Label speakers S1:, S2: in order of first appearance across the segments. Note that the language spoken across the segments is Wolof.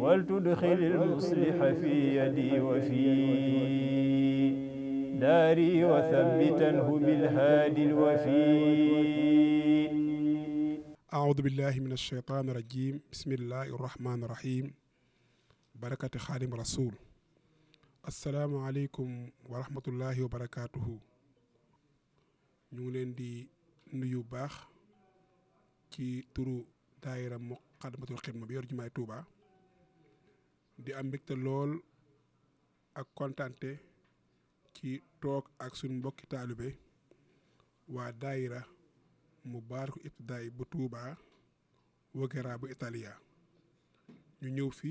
S1: ولتدخل المصلح في يدي وفي
S2: داري وثبتنه بالهادي الوفي
S3: أعوذ بالله من الشيطان الرجيم بسم الله الرحمن الرحيم بركة خادم رسول السلام عليكم ورحمة الله وبركاته نولين دي نيو باخ ci turu daayira muqaddamatul xidma bi yor jumaay Tuuba di am mbégte lool ak kontante ci toog ak suñ mbokki taalibe waa daayira mu baar ko ibtidaay bu Touba wagera bu Italia ñu ñëw fi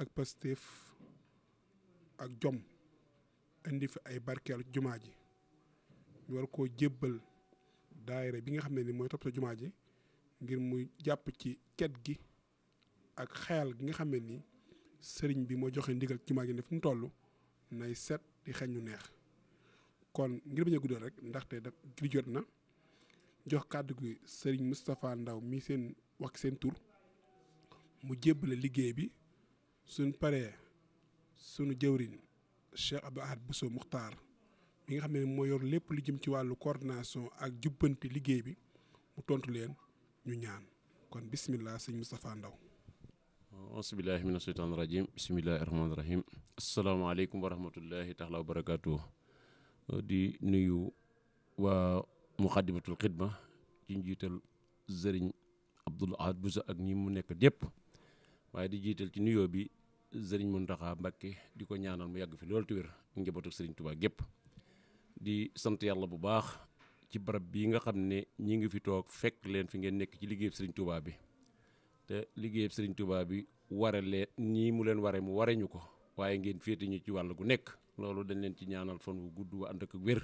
S3: ak Pastef ak jom indi fi ay barkeel jumaa ji ñu war koo jébbal daayira bi nga xam ne ni mooy toppatoo jumaa ji ngir muy jàpp ci ket gi ak xayal gi nga xam ne ni sëriñ bi moo joxe ndigal ci maa ngi ne fu mu toll nay set di xeñ ñu neex kon ngir bañ guddal rek ndaxte daf gi jot na jox kàddu gi sëriñ Moustapha Ndaw mi seen wax seen tur mu jébbale liggéey bi suñ paree sunu jëwriñ Cheikh Abdou Ahad Bousso Muxtaar mi nga xam ne moo yor lépp lu jëm ci wàllu coordination ak jubbanti liggéey bi mu tontu leen ñu ñaan kon bismillah sëñ Moustapha Ndaw
S2: asubillahi mina sheytaani rajim bisimillahi rahmaani rahim asalaamaaleykum wa rahmatullahi taala wa barakaatu uh, di nuyu waa muxaddamatul xidma ci njiital sëriñ Abdul Ahad ak ñii mu nekk dépp waaye di jiital ci nuyoo bi sëriñ Muntaxa Mbàkke di ko ñaanal mu yàgg fi loolu te wér njabootu sëriñ Tuubaa gépp di sant yàlla bu baax ci barab bii nga xam ne ñi ngi fi toog fekk leen fi ngeen nekk ci liggéey sëriñ Tuubaa bi te liggéeyab sëriñ tubaab bi ware leen ñii mu leen ware mu ware ñu ko waaye ngeen féete ñu ci wàll gu nekk loolu dañ leen ci ñaanal fan wu gudd wu ànd ak wér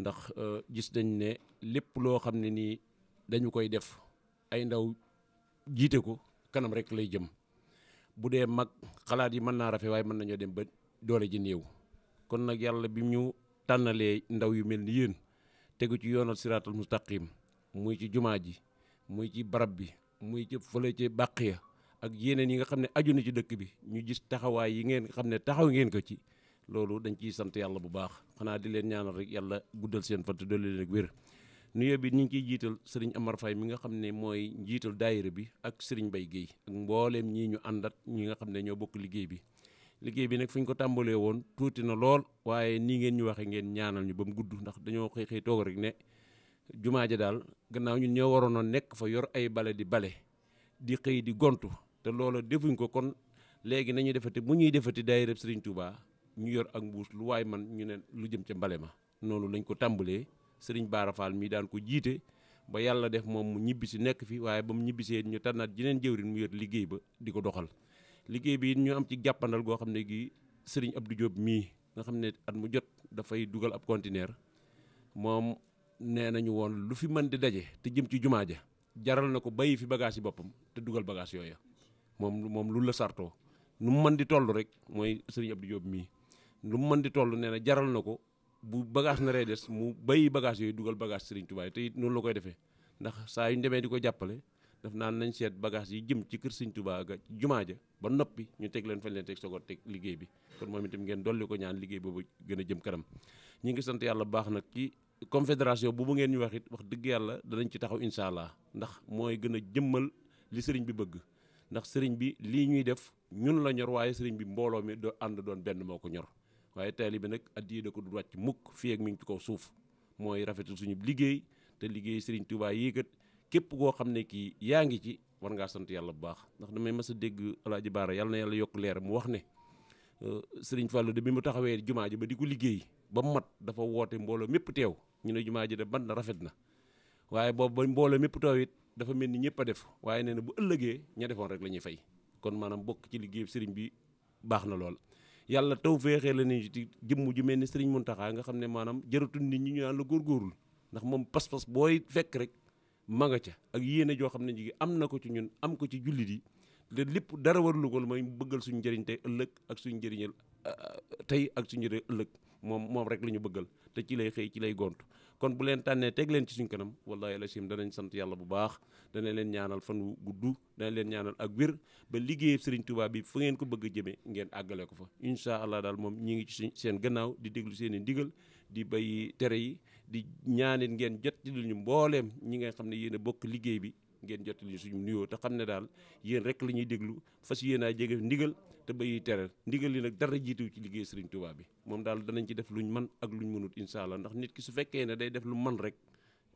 S2: ndax euh, gis nañ ne lépp loo xam ne nii dañu koy def ay ndaw jiite ko kanam rekk lay jëm bu dee mag xalaat yi mën naa rafet waaye mën nañoo dem ba doole ji néew kon nag yàlla bi ñu tànnalee ndaw yu mel ni yéen tegu ci yoonal siraatal mustaqim muy ci jumaa ji muy ci barab bi muy ci fole ci bàq ya ak yeneen yi nga xam ne aju na ci dëkk bi ñu gis taxawaay yi ngeen xam ne taxaw ngeen ko ci loolu dañ ciy sant yàlla bu baax xanaa di leen ñaanal rek yàlla guddal seen fant dolli leen ak wér nuyoo bi ñu ngi ciy jiital sëriñ Amar Faye mi nga xam ne mooy njiital daayira bi ak sëriñ Bay Géey ak mbooleem ñii ñu àndat ñi nga xam ne ñoo bokk liggéey bi liggéey bi nag fu ñu ko tàmbalee woon tuuti na lool waaye nii ngeen ñu waxee ngeen ñaanal ñu ba mu gudd ndax dañoo xëy xëy toog rek jumaa ja daal gannaaw ñu ñëw waroon a nekk fa yor ay bale di bale di xëy di gontu te loola defuñ ko kon léegi nañuy defati mu ñuy defati daayira Sëriñ Tuubaa ñu yor ak mbuus lu waay man ñu ne lu jëm ca mbale ma noonu lañ ko tàmbalee Sëriñ Baara mii mi daan ko jiite ba yàlla def moom mu ñibbisi nekk fi waaye ba mu ñibbisee ñu tànnaat jeneen jëwrin mu yor liggéey ba di ko doxal liggéey bi ñu am ci jàppandal goo xam ne gi Sëriñ Abdou Diop mii nga xam ne at mu jot dafay dugal ab conteneur nee nañu woon lu fi mën di daje te jëm ci jumaa ja jaral na ko bàyyi fi bagaas yi boppam te dugal bagage yooya moom moom lu la sartoo nu mu mën di toll rek mooy sëriñ Abdou Diop mii lu mu mën di toll nee na jaral na ko bu bagage na ree des mu bàyyi bagage yooyu dugal bagaas sëriñ Tuubaa te it noonu la koy defee ndax saa yu ñu di ko jàppale daf naan nañ seet bagage yi jëm ci kër sëriñ Tuubaa ga jumaa ja ba noppi ñu teg leen fañ leen teg soog a teg liggéey bi kon moom itam ngeen dolli ko ñaan liggéey boobu gën a jëm kanam confédération bu bu ngeen ñu wax it wax dëgg yàlla danañ ci taxaw incha allah ndax mooy gën a jëmmal li sëriñ bi bëgg ndax sëriñ bi lii ñuy def ñun la ñor waaye sëriñ bi mbooloo mi doo ànd doon benn moo ko ñor waaye tayli bi nag at yii da ko du wàcc mukk fii ak mi ngi ci kaw suuf mooy rafetul suñu liggéey te liggéey sëriñ Touba yii kat képp koo xam ne kii yaa ngi ci war ngaa sant yàlla bu baax ndax damay mas a dégg Alaaji Baara yàlla na yàlla yokk leer mu wax ne euh, sëriñ Fallou de bi mu taxawee jumaa ji ba di ko liggéey ba mat dafa woote mbooloo mépp teew ñu ne jumaa ji de ban na rafet na waaye boobu ba mbooloo mépp teew it dafa mel ni ñëpp a def waaye nee na bu ëllëgee ña defoon rek la ñuy fay kon maanaam bokk ci liggéey sëriñ bi baax na lool yàlla taw feexee la ni ci jëmm mel ni sëriñ Muntaxa nga xam ne maanaam jaratul nit ñi ñu naan la góorgóorlu ndax moom pas-pas booy fekk rek ma nga ca ak yéene joo xam ne jigi am na ko ci ñun am ko ci jullit yi te lépp dara warlu ko lu may bëggal suñu njëriñ tey ëllëg ak suñu njëriñal Euh, tey ak suñu ëllëg moom moom rek la ñu bëggal te ci lay xëy ci lay gont kon bu leen tànnee teg leen ci suñ kanam wallahi la sim danañ sant yàlla bu baax danañ leen ñaanal fan wu gudd danañ leen ñaanal ak wér ba liggéey Serigne tubaab yi fu ngeen ko bëgg a jëmee ngeen àggale ko fa incha allah daal moom ñi ngi ci seen gannaaw di déglu seen i ndigal di bay tere yi di ñaanit ngeen jot ci lu ñu mbooleem ñi nga xam ne yéen a bokk liggéey bi ngeen jot li suñu nuyoo te xam ne daal yéen rek la ñuy déglu fas yéen a jege ndigal te bayi teral ndigal yi nag dara jiituw ci liggéey sëriñ tubaab bi moom daal danañ ci def luñ man ak luñ mënut incha allah ndax nit ki su fekkee ne day def lu man rek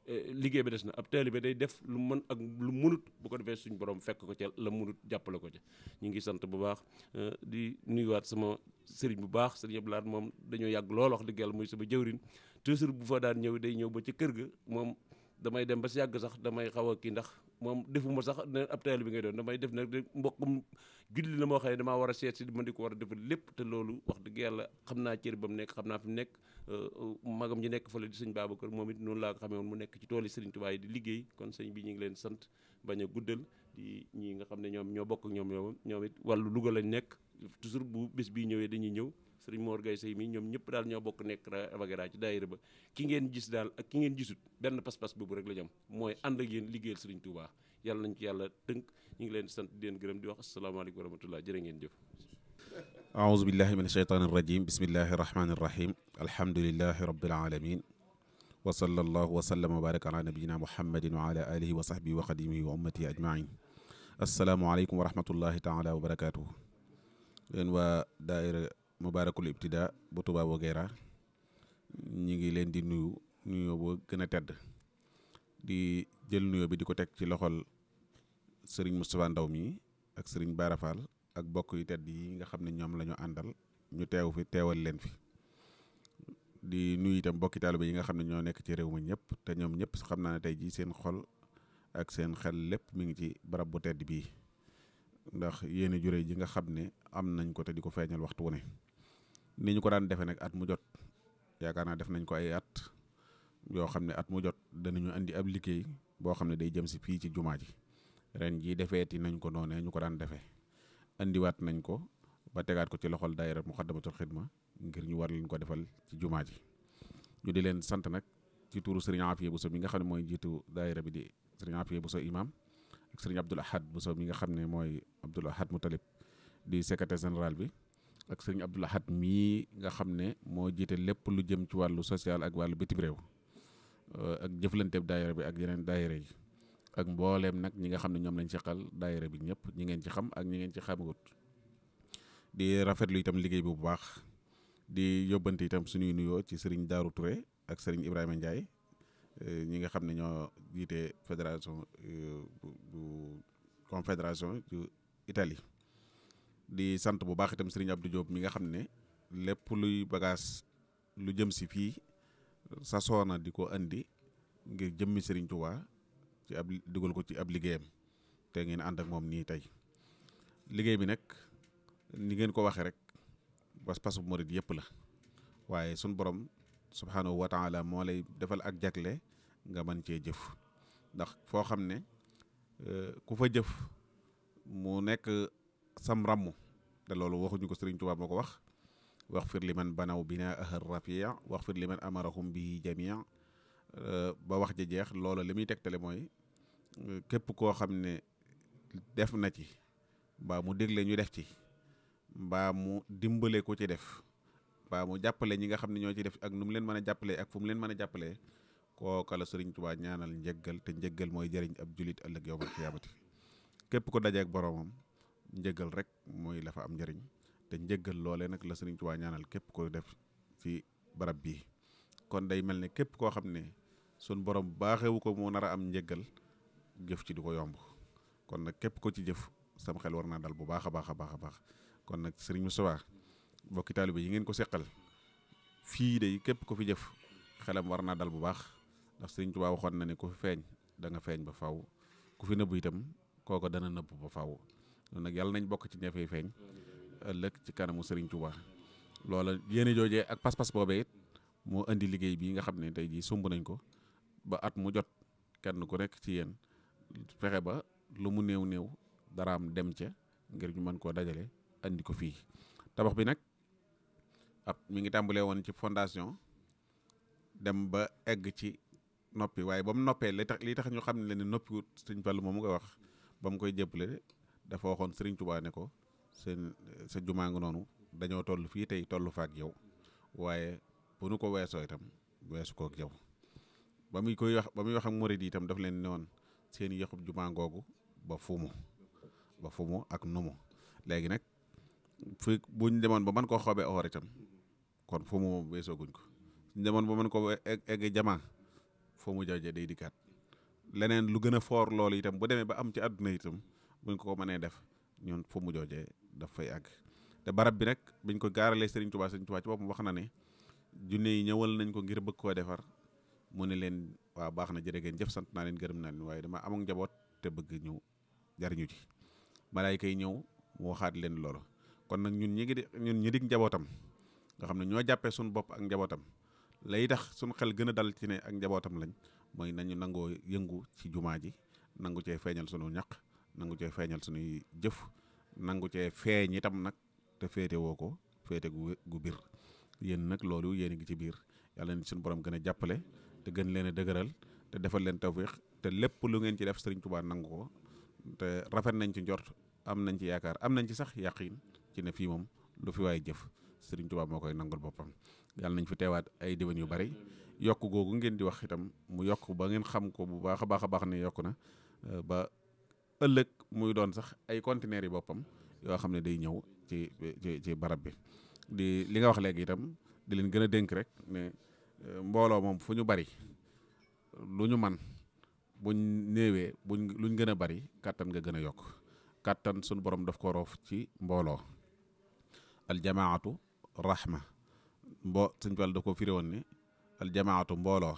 S2: eh, liggéey bi des na ab taalibe day def lu mën ak lu mënut bu ko defee suñ borom fekk ko ca la mënut jàppale ko ca ñu ngi sant bu baax eh, di nuyuwaat sama sëriñ bu baax sëriñ Abdoulaye moom dañoo yàgg lool wax dëgg yàlla muy sama jëwrin toujours bu fa daan ñëw day ñëw ba ci kër ga moom damay dem ba si yàgg sax damay xaw a kii ndax moom defuma sax ne ab taali bi ngay doon damay def nag mbokkum julli la moo xam ne damaa war a seet si ma di ko war a defal lépp te loolu wax dëgg yàlla xam naa cër ba mu nekk xam naa fi mu nekk euh, magam ji nekk fële di sëñ Babacar moom it noonu laa ko xamee mu nekk ci tool yi sëriñ Tuubaa yi di liggéey kon sëñ bi ñu ngi leen sant bañ a guddal di ñii nga xam ne ñoom ñoo bokk ñoom ñoom it wàllu Louga lañ nekk toujours bu bis bii ñëwee dañuy ñëw sëriñ Mor Gaye ñoom ñëpp daal ñoo bokk nekk Ravagara ci daayira ba ki ngeen gis daal ak ki ngeen gisut benn pas-pas boobu rek la ñu am mooy ànd ak yéen liggéeyal sëriñ Touba yàlla nañ ci yàlla tënk ñu ngi leen sant di leen gërëm di wax asalaamaaleykum wa rahmatullah jërë ngeen
S1: jëf wa sallallahu wa sallam wa baraka ala nabiyina wa ala alihi wa sahbihi wa xadimihi wa ummatihi ajmain asalaamaaleykum wa rahmatullahi taala wa barakatuhu leen waa mu mubaarakul ibtida bu Touba Boguéra ñi ngi leen di nuyu nuyoo boo gën a tedd di jël nuyoo bi di ko teg ci loxol sëriñ Moustapha Ndaw mi ak sëriñ Bara ak bokk yu tedd yi nga xam ne ñoom la àndal ñu teew fi teewal leen fi di nuyu itam bokki taalibe yi nga xam ne ñoo nekk ci réew mi ñëpp te ñoom ñëpp xam naa ne tey jii seen xol ak seen xel lépp mu ngi ci barab bu tedd bii ndax yenn a jure ji nga xam ne am nañ ko te di ko feeñal waxtu wu ne ni ñu ko daan defee nag at mu jot yaakaar naa def nañ ko ay at yoo xam ne at mu jot danañu indi ab liggéey boo xam ne day jëm si fii ci jumaa ji ren jii defeeti nañ ko noonee ñu ko daan defee indiwaat nañ ko ba tegaat ko ci loxol daayira Muxaddamatul Xidma ngir ñu war leen ko defal ci jumaa ji ñu di leen sant nag ci tuuru sëriñ bu Bousso mi nga xam ne mooy jiitu daayira bi di sëriñ Afiya Bousso imam ak sëriñ Abdul Ahad so mi nga xam ne mooy Abdul Ahad Moutalib di secrétaire général bi ak sëriñ Abdou Lahad mii nga xam ne moo jiite lépp lu jëm ci wàllu sociale ak wàllu bitim réew euh, ak jëflanteeb daayira bi ak yeneen daayira yi ak mbooleem nag ñi nga xam ne ñoom lañ seqal daayira bi ñëpp ñi ngeen ci xam ak ñi ngeen ci xamagut di rafetlu itam liggéey bi bu baax di yóbbante itam suñuy nuyoo ci sëriñ Darou Touré ak sëriñ Ibrahima Ndiaye euh, ñi nga xam ne ñoo jiite fédération euh, bu confédération du Italie di sant bu baax itam sëriñ Abdou Diop mi nga xam ne lépp luy bagage lu jëm si fii sasoo na di ko indi ngir jëmmi sëriñ Touba ci ab dugal ko ci ab liggéeyam te ngeen ànd ak moom nii tey liggéey bi nag ni ngeen ko waxee rek was pasu morit yépp la waaye sun boroom subhanahu wa taala moo lay defal ak jagle nga man cee jëf ndax foo xam ne euh, ku fa jëf mu nekk sam ràmm te loolu waxuñu ko Sëriñ Tuubaa moo ko wax wax fir li man banaw binaaha rafia wax fir li man amarahum bihi jamia euh, ba wax ji jeex loola li muy tegtale mooy euh, képp koo xam ne def na ci mbaa mu dégle ñu def ci mbaa mu dimbale ko ci def mbaa mu jàppale ñi nga xam ne ñoo ci def ak nu mu leen mën a jàppalee ak fu leen mën a koo kooka la Sëriñ Tuubaa ñaanal njëggal te njëggal mooy jëriñ ab julit ëllëg yowmal xiyaamati képp ko dajeek boroomam njëgal rek mooy la fa am njëriñ te njëgal loole nag la Sëriñ Tuubaa ñaanal képp ko def ci barab bii kon day mel ne képp koo xam ne sun borom baaxewu ko mu nar a am njëgal jëf ci du ko yomb kon nag képp ko ci jëf sam xel war naa dal bu baax a baax a baax a baax kon nag Sëriñ Moustapha bokki taalibe yi ngeen ko seqal fii de képp ko fi jëf xelam war naa dal bu baax ndax Sëriñ Tuubaa waxoon na ne ku feeñ danga feeñ ba faw ku fi nëbbu itam kooko dana nëbb ba faw loolu nag yàlla nañ bokk ci ñafey feeñ ëllëg ci kanamu sëriñ Touba loola yéene jooje ak pas-pas boobee it moo indi liggéey bii nga xam ne tey jii sumb nañ ko ba at mu jot kenn ku rek ci yéen fexe ba lu mu néew néew am dem ca ngir ñu mën koo dajale andi ko fii tabax bi nag ab mu ngi tàmbalee woon ci fondation dem ba egg ci noppi waaye ba mu noppee li tax li tax ñu xam ne leen noppiwut sëñ Fallu moom nga wax ba mu koy jëppale dafa waxoon Serigne Touba ne ko seen sa jumaa ngi noonu dañoo toll fii tey tollu fa ak yow waaye bu nu ko weesoo itam weesu ko ak yow ba muy koy wax ba muy waxam ak murid yi daf leen ne woon seen yëxub jumaa googu ba fumu ba fumu ak numu léegi nag fi buñ demoon ba mën koo xoobe oor itam kon fumu moom weesoo ko demoon ba mën ko e-, e-, egg jamaa fumu jawje day dikkaat leneen lu gën a foor loolu itam bu demee ba am ci àdduna itam buñ ko mënee def ñun fu mu joojee daf fay àgg te barab bi nag bañ ko gaaralee Serigne Touba Serigne Touba ci boppam wax na ne junne yi ñëwal nañ ko ngir bëgg koo defar mu ne leen waaw baax na jërë ngeen jëf sant naa leen gërëm naa leen waaye dama amoon njaboot te bëgg ñëw jariñu ci malaayka yi ñëw mu waxaat leen loolu kon nag ñun ñi ngi di ñun njabootam nga xam ne ñoo jàppee suñu bopp ak njabootam lay tax suñu xel gën a dal ci ne ak njabootam lañ mooy nañu nangoo yëngu ci jumaa ji nangu cee feeñal sunu ñaq nangu cee feeñal suñuy jëf nangu cee feeñ itam nag te féete woo ko féete gu gu biir yéen nag loolu yéen a ngi ci biir yàlla na sun borom gën a jàppale te gën leen a dëgëral te defal leen tawfiix te lépp lu ngeen ci def Sëriñ Tuubaa nangu ko te rafet nañ ci njort am nañ ci yaakaar am nañ ci sax yàqin ci ne fii moom lu fi waaye jëf Sëriñ Tuubaa moo koy nangul boppam yàlla nañ fi teewaat ay déwén yu bari yokk googu ngeen di wax itam mu yokk ba ngeen xam ko bu baax a baax a baax ne yokk na ëllëg muy doon sax ay conteneurs yi boppam yoo xam ne day ñëw ci ci barab bi di li nga wax léegi itam di leen gën a dénk rek ne euh, mbooloo moom fu ñu bari lu ñu man buñ néewee buñ luñ gën a bari kàttan nga gën a yokk kàttan suñu borom daf ko roof ci mbooloo al jamaatu raxma mbo suñ fal da ko firi woon ni al jamaatu mbooloo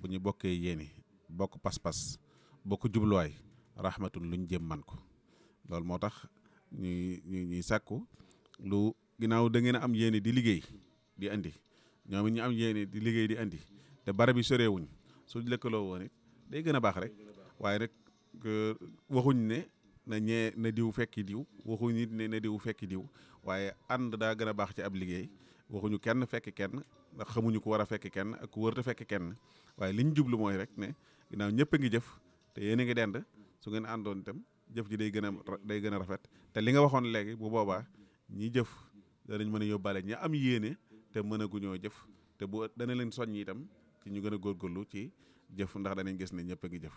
S1: bu ñu bokkee yéene bokk pas-pas bokk jubluwaay rahmatun luñ jëm man ko loolu moo tax ñuy ñuy sàkku lu ginnaaw da ngeen am yéene di liggéey di andi ñoom ñu am yéene di liggéey di andi te barab yi soreewuñ suñ lëkkaloo woon day gën a baax rek waaye rek waxuñ ne na ñee na diw fekki diw waxuñ it ne na diw fekki diw waaye ànd daa gën baax ci ab liggéey waxuñu kenn fekk kenn ndax xamuñu ku war a fekk kenn ak ku wër te fekk kenn waaye li ñu jublu mooy rek ne ginnaaw ñëpp a ngi jëf te yéen a ngi dend su ngeen àndoon itam jëf ji day gën a day gën a rafet te li nga waxoon léegi bu boobaa ñi jëf danañ mën a yóbbaale ñi am yéene te mën a guñoo jëf te bu dana leen soññ itam ci ñu gën a góorgóorlu ci jëf ndax danañ gis ne ñëpp a ngi jëf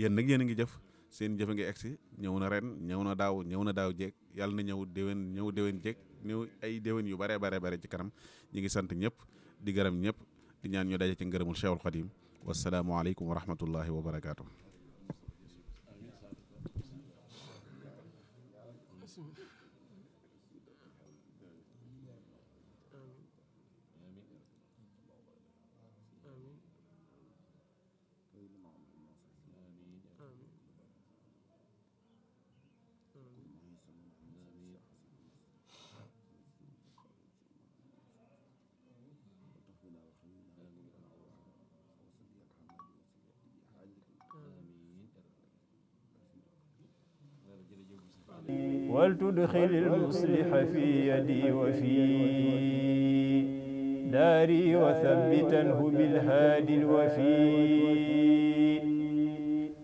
S1: yéen nag yéen a ngi jëf seen jëf a ngi si ñëw na ren ñëw na daaw ñëw na daaw jéeg yàlla na ñëw déwén ñëw déwén jéeg ñëw ay déwén yu bare bare bare ci kanam ñi ngi sant ñëpp di gërëm ñëpp di ñaan ñu daje ci ngërëmul Cheikhul Xadim wasalaamualeykum wa rahmatullahi wa barakaatu
S2: ولتدخل
S1: المصلح في يدي وفي داري وثبته بالهادي الوفي